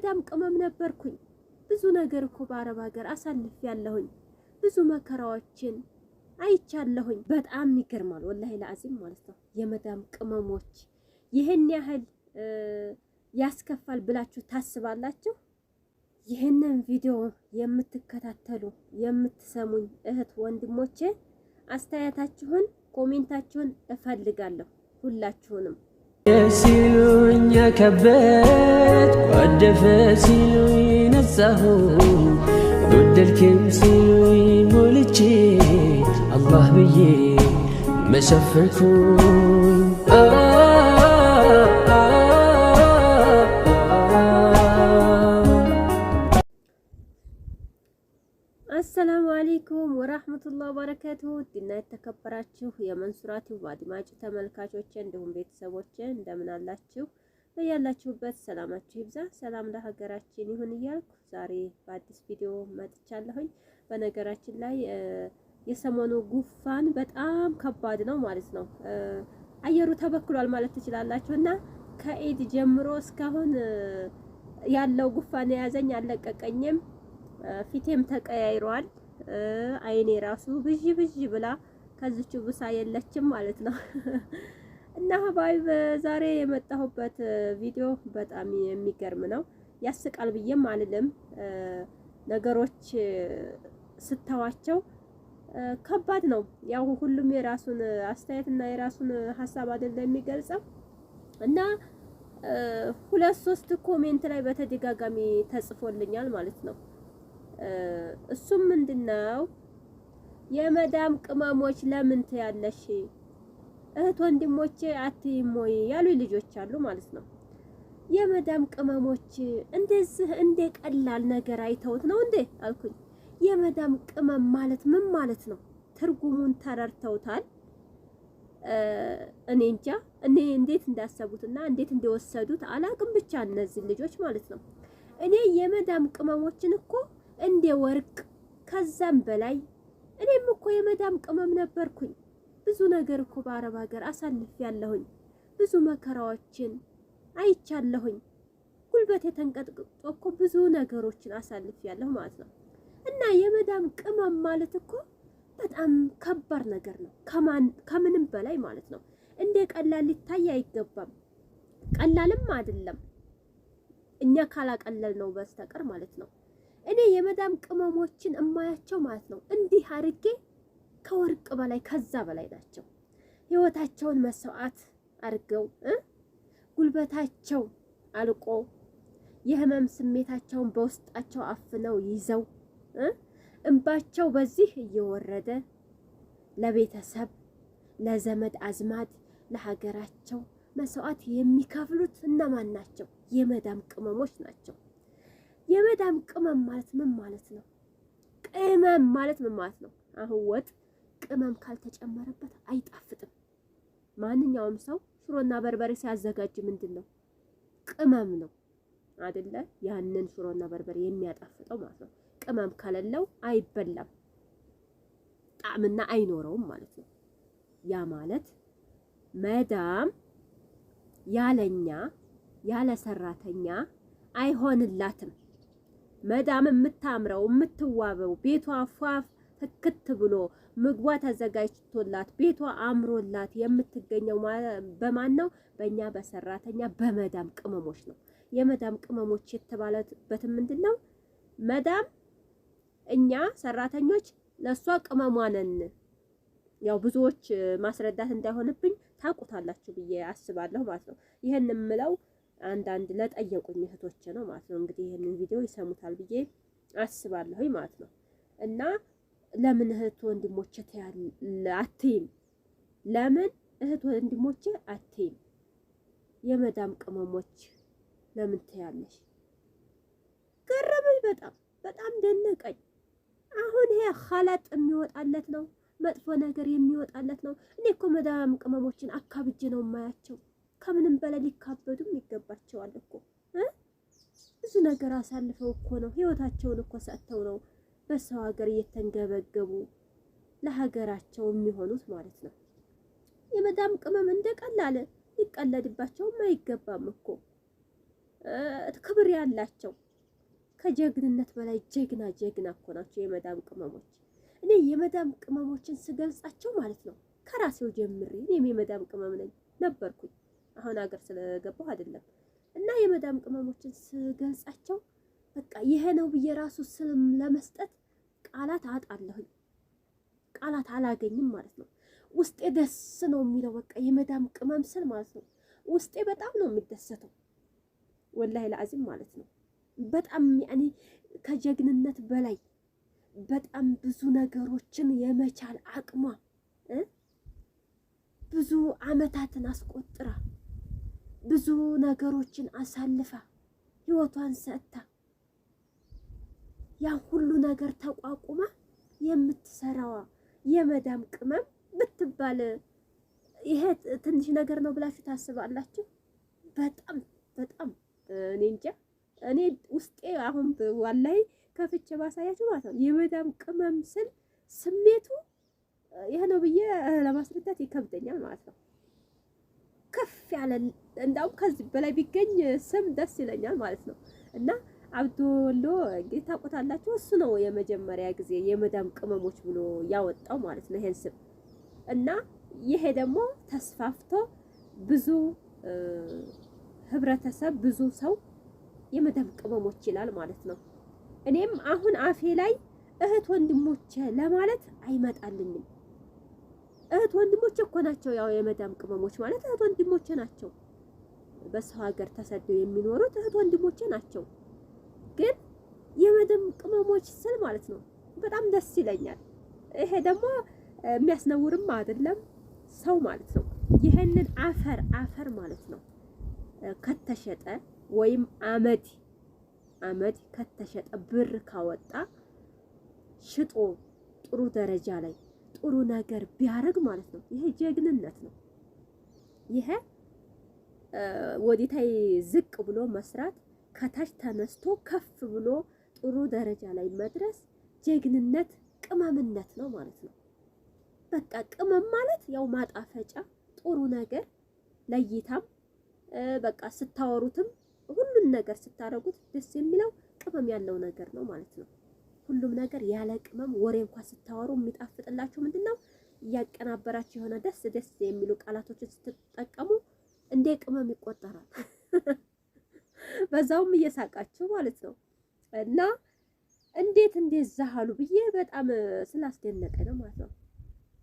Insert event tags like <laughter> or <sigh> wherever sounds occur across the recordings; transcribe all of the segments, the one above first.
የመዳም ቅመም ነበርኩኝ። ብዙ ነገር እኮ በአረብ ሀገር አሳልፍ ያለሁኝ ብዙ መከራዎችን አይቻለሁኝ። በጣም ይገርማል ወላሂ ለአዚም ማለት ነው። የመዳም ቅመሞች ይህን ያህል ያስከፋል ብላችሁ ታስባላችሁ? ይህንን ቪዲዮ የምትከታተሉ የምትሰሙኝ እህት ወንድሞቼ አስተያየታችሁን፣ ኮሜንታችሁን እፈልጋለሁ ሁላችሁንም ሲሉኝ ያከበት ጓደፈ ሲሉኝ ነጻሁ ጎደልክም ሲሉኝ ሞልቼ አላህ ብዬ መሸፈርኩኝ አሌይኩም ወራህመቱላህ በረከቱ ውድና የተከበራችሁ የመንሱራት አድማጭ ተመልካቾች እንዲሁም ቤተሰቦች እንደምን አላችሁ? በያላችሁበት ሰላማችሁ ይብዛ። ሰላም ለሀገራችን ይሁን እያልኩ ዛሬ በአዲስ ቪዲዮ መጥቻለሁኝ። በነገራችን ላይ የሰሞኑ ጉንፋን በጣም ከባድ ነው ማለት ነው። አየሩ ተበክሏል ማለት ትችላላችሁ እና ከኢድ ጀምሮ እስካሁን ያለው ጉንፋን የያዘኝ አለቀቀኝም ፊቴም ተቀያይሯል። አይኔ ራሱ ብዥ ብዥ ብላ ከዚች ቡሳ የለችም ማለት ነው። <laughs> እና ባይ በዛሬ የመጣሁበት ቪዲዮ በጣም የሚገርም ነው። ያስቃል ብዬም አልልም። ነገሮች ስታዋቸው ከባድ ነው። ያው ሁሉም የራሱን አስተያየት እና የራሱን ሀሳብ አይደል የሚገልጸው እና ሁለት ሶስት ኮሜንት ላይ በተደጋጋሚ ተጽፎልኛል ማለት ነው። እሱም ምንድነው የመዳም ቅመሞች ለምን ትያለሽ እህት ወንድሞቼ አትይም ወይ ያሉ ልጆች አሉ ማለት ነው። የመዳም ቅመሞች እንደዚህ እንደ ቀላል ነገር አይተውት ነው እንዴ አልኩኝ። የመዳም ቅመም ማለት ምን ማለት ነው? ትርጉሙን ተረድተውታል? እኔ እንጃ እኔ እንዴት እንዳሰቡትና እንዴት እንደወሰዱት አላቅም። ብቻ እነዚህ ልጆች ማለት ነው እኔ የመዳም ቅመሞችን እኮ እንደ ወርቅ ከዛም በላይ እኔም እኮ የመዳም ቅመም ነበርኩኝ። ብዙ ነገር እኮ በአረብ ሀገር አሳልፍ ያለሁኝ ብዙ መከራዎችን አይቻለሁኝ። ጉልበት የተንቀጥቅጦ እኮ ብዙ ነገሮችን አሳልፍ ያለሁ ማለት ነው። እና የመዳም ቅመም ማለት እኮ በጣም ከባድ ነገር ነው፣ ከምንም በላይ ማለት ነው። እንደ ቀላል ሊታይ አይገባም። ቀላልም አይደለም እኛ ካላቀለል ነው በስተቀር ማለት ነው። እኔ የመዳም ቅመሞችን እማያቸው ማለት ነው እንዲህ አርጌ ከወርቅ በላይ ከዛ በላይ ናቸው። ህይወታቸውን መስዋዕት አድርገው ጉልበታቸው አልቆ የህመም ስሜታቸውን በውስጣቸው አፍነው ይዘው እንባቸው በዚህ እየወረደ ለቤተሰብ ለዘመድ አዝማድ ለሀገራቸው መስዋዕት የሚከፍሉት እነማን ናቸው? የመዳም ቅመሞች ናቸው። የመዳም ቅመም ማለት ምን ማለት ነው? ቅመም ማለት ምን ማለት ነው? አሁን ወጥ ቅመም ካልተጨመረበት አይጣፍጥም። ማንኛውም ሰው ሽሮና በርበሬ ሲያዘጋጅ ምንድን ነው? ቅመም ነው አይደለ? ያንን ሽሮና በርበሬ የሚያጣፍጠው ማለት ነው። ቅመም ከሌለው አይበላም፣ ጣዕምና አይኖረውም ማለት ነው። ያ ማለት መዳም ያለኛ ያለ ሰራተኛ አይሆንላትም። መዳም የምታምረው የምትዋበው ቤቷ ፏፍ ትክት ብሎ ምግቧ ተዘጋጅቶላት ቤቷ አምሮላት የምትገኘው በማን ነው? በእኛ በሰራተኛ በመዳም ቅመሞች ነው። የመዳም ቅመሞች የተባለበት ምንድን ነው? መዳም እኛ ሰራተኞች ለእሷ ቅመሟ ነን። ያው ብዙዎች ማስረዳት እንዳይሆንብኝ ታውቁታላችሁ ብዬ አስባለሁ ማለት ነው። ይህን የምለው አንዳንድ ለጠየቁኝ እህቶቼ ነው ማለት ነው። እንግዲህ ይህንን ቪዲዮ ይሰሙታል ብዬ አስባለሁ ማለት ነው። እና ለምን እህት ወንድሞቼ አትይም? ለምን እህት ወንድሞቼ አትይም? የመዳም ቅመሞች ለምን ትያለሽ? ገረመኝ። በጣም በጣም ደነቀኝ። አሁን ይሄ ሀላጥ የሚወጣለት ነው፣ መጥፎ ነገር የሚወጣለት ነው። እኔ እኮ መዳም ቅመሞችን አካብጄ ነው የማያቸው ከምንም በላይ ሊካበዱም ይገባቸዋል እኮ ብዙ ነገር አሳልፈው እኮ ነው ህይወታቸውን እኮ ሰጥተው ነው በሰው ሀገር እየተንገበገቡ ለሀገራቸው የሚሆኑት ማለት ነው። የመዳም ቅመም እንደቀላል ሊቀለድባቸውም አይገባም እኮ ክብር ያላቸው ከጀግንነት በላይ ጀግና ጀግና እኮ ናቸው የመዳም ቅመሞች። እኔ የመዳም ቅመሞችን ስገልጻቸው ማለት ነው ከራሴው ጀምሬ እኔም የመዳም ቅመም ነኝ ነበርኩኝ። አሁን ሀገር ስለገባሁ አይደለም እና የመዳም ቅመሞችን ስገልጻቸው በቃ ይሄ ነው ብዬ ራሱ ስም ለመስጠት ቃላት አጣለሁኝ፣ ቃላት አላገኝም ማለት ነው። ውስጤ ደስ ነው የሚለው በቃ የመዳም ቅመም ስል ማለት ነው። ውስጤ በጣም ነው የሚደሰተው ወላሂ ለአዚም ማለት ነው። በጣም ያኔ ከጀግንነት በላይ በጣም ብዙ ነገሮችን የመቻል አቅሟ ብዙ አመታትን አስቆጥራ ብዙ ነገሮችን አሳልፋ ህይወቷን ሰጥታ ያን ሁሉ ነገር ተቋቁማ የምትሰራዋ የመዳም ቅመም ብትባል ይሄ ትንሽ ነገር ነው ብላችሁ ታስባላችሁ? በጣም በጣም እኔ እንጃ። እኔ ውስጤ አሁን ዋላይ ከፍቼ ባሳያችሁ ማለት ነው የመዳም ቅመም ስል ስሜቱ ይሄ ነው ብዬ ለማስረዳት ይከብደኛል ማለት ነው። ከፍ ያለ እንዳውም ከዚህ በላይ ቢገኝ ስም ደስ ይለኛል ማለት ነው። እና አብዶሎ እንግዲህ ታውቁታላችሁ። እሱ ነው የመጀመሪያ ጊዜ የመዳም ቅመሞች ብሎ ያወጣው ማለት ነው ይሄን ስም እና ይሄ ደግሞ ተስፋፍቶ ብዙ ህብረተሰብ፣ ብዙ ሰው የመዳም ቅመሞች ይላል ማለት ነው። እኔም አሁን አፌ ላይ እህት ወንድሞቼ ለማለት አይመጣልኝም። እህት ወንድሞቼ እኮ ናቸው። ያው የመዳም ቅመሞች ማለት እህት ወንድሞቼ ናቸው። በሰው ሀገር ተሰደው የሚኖሩት እህት ወንድሞቼ ናቸው። ግን የመዳም ቅመሞች ስል ማለት ነው በጣም ደስ ይለኛል። ይሄ ደግሞ የሚያስነውርም አይደለም ሰው ማለት ነው። ይህንን አፈር አፈር ማለት ነው ከተሸጠ ወይም አመድ አመድ ከተሸጠ ብር ካወጣ ሽጦ ጥሩ ደረጃ ላይ ጥሩ ነገር ቢያደርግ ማለት ነው። ይሄ ጀግንነት ነው። ይሄ ወዴታይ ዝቅ ብሎ መስራት፣ ከታች ተነስቶ ከፍ ብሎ ጥሩ ደረጃ ላይ መድረስ ጀግንነት ቅመምነት ነው ማለት ነው። በቃ ቅመም ማለት ያው ማጣፈጫ ጥሩ ነገር ለይታም በቃ ስታወሩትም ሁሉን ነገር ስታደርጉት ደስ የሚለው ቅመም ያለው ነገር ነው ማለት ነው። ሁሉም ነገር ያለ ቅመም ወሬ እንኳን ስታወሩ የሚጣፍጥላችሁ ምንድን ነው? እያቀናበራችሁ የሆነ ደስ ደስ የሚሉ ቃላቶችን ስትጠቀሙ እንደ ቅመም ይቆጠራል። <laughs> በዛውም እየሳቃችሁ ማለት ነው እና እንዴት እንደዛ አሉ ብዬ በጣም ስላስደነቀ ነው ማለት ነው።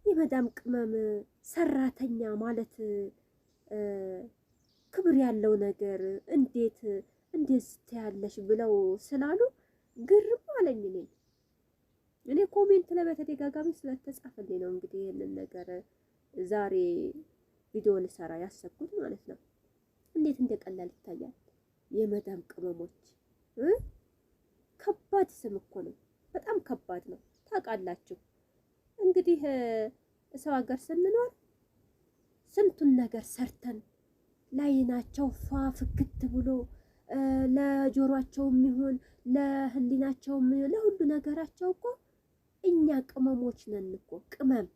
የመዳም ቅመም ሰራተኛ ማለት ክብር ያለው ነገር እንዴት እንዴት ስትያለሽ ብለው ስላሉ ግርም አለኝ እኔ። እኔ ኮሜንት ላይ በተደጋጋሚ ስለተጻፈልኝ ነው እንግዲህ ይህንን ነገር ዛሬ ቪዲዮ ልሰራ ያሰብኩት ማለት ነው። እንዴት እንደቀላል ይታያል። የመዳም ቅመሞች ከባድ ስም እኮ ነው። በጣም ከባድ ነው ታውቃላችሁ። እንግዲህ ሰው ሀገር ስንኖር ስንቱን ነገር ሰርተን ላይናቸው ፏ ፍክት ብሎ ለጆሯቸው የሚሆን ለህሊናቸው ለሁሉ ነገራቸው እኮ እኛ ቅመሞች ነን እኮ ቅመም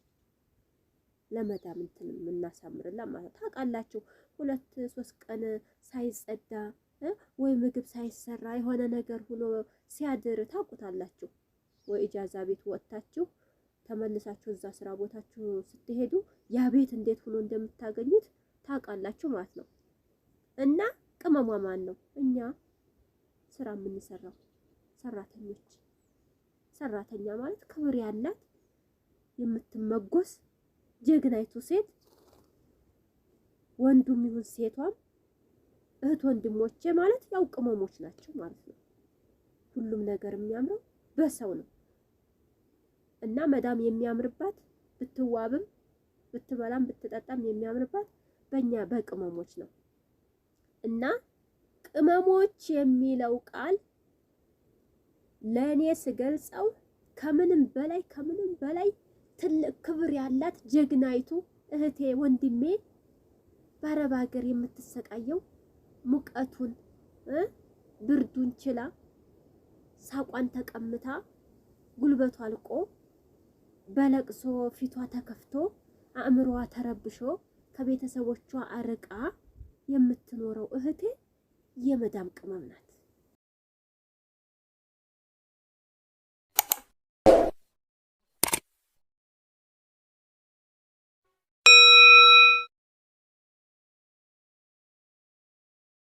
ለመዳም እንትን የምናሳምርላ ማለት ታውቃላችሁ። ሁለት ሶስት ቀን ሳይጸዳ ወይ ምግብ ሳይሰራ የሆነ ነገር ሆኖ ሲያድር ታውቁታላችሁ። ወይ እጃዛ ቤት ወጥታችሁ ተመልሳችሁ እዛ ስራ ቦታችሁ ስትሄዱ ያ ቤት እንዴት ሁኖ እንደምታገኙት ታውቃላችሁ ማለት ነው። እና ቅመሟ ማን ነው? እኛ ስራ የምንሰራው ሰራተኞች ሰራተኛ ማለት ክብር ያላት የምትመጎስ ጀግናይቱ ሴት ወንዱም ይሁን ሴቷም እህት ወንድሞቼ ማለት ያው ቅመሞች ናቸው ማለት ነው። ሁሉም ነገር የሚያምረው በሰው ነው እና መዳም የሚያምርባት ብትዋብም ብትበላም ብትጠጣም የሚያምርባት በእኛ በቅመሞች ነው እና ቅመሞች የሚለው ቃል ለእኔ ስገልጸው ከምንም በላይ ከምንም በላይ ትልቅ ክብር ያላት ጀግናይቱ እህቴ ወንድሜ በአረብ ሀገር የምትሰቃየው ሙቀቱን ብርዱን ችላ ሳቋን ተቀምታ ጉልበቷ አልቆ በለቅሶ ፊቷ ተከፍቶ አእምሮዋ ተረብሾ ከቤተሰቦቿ አርቃ የምትኖረው እህቴ የመዳም ቅመም ናት።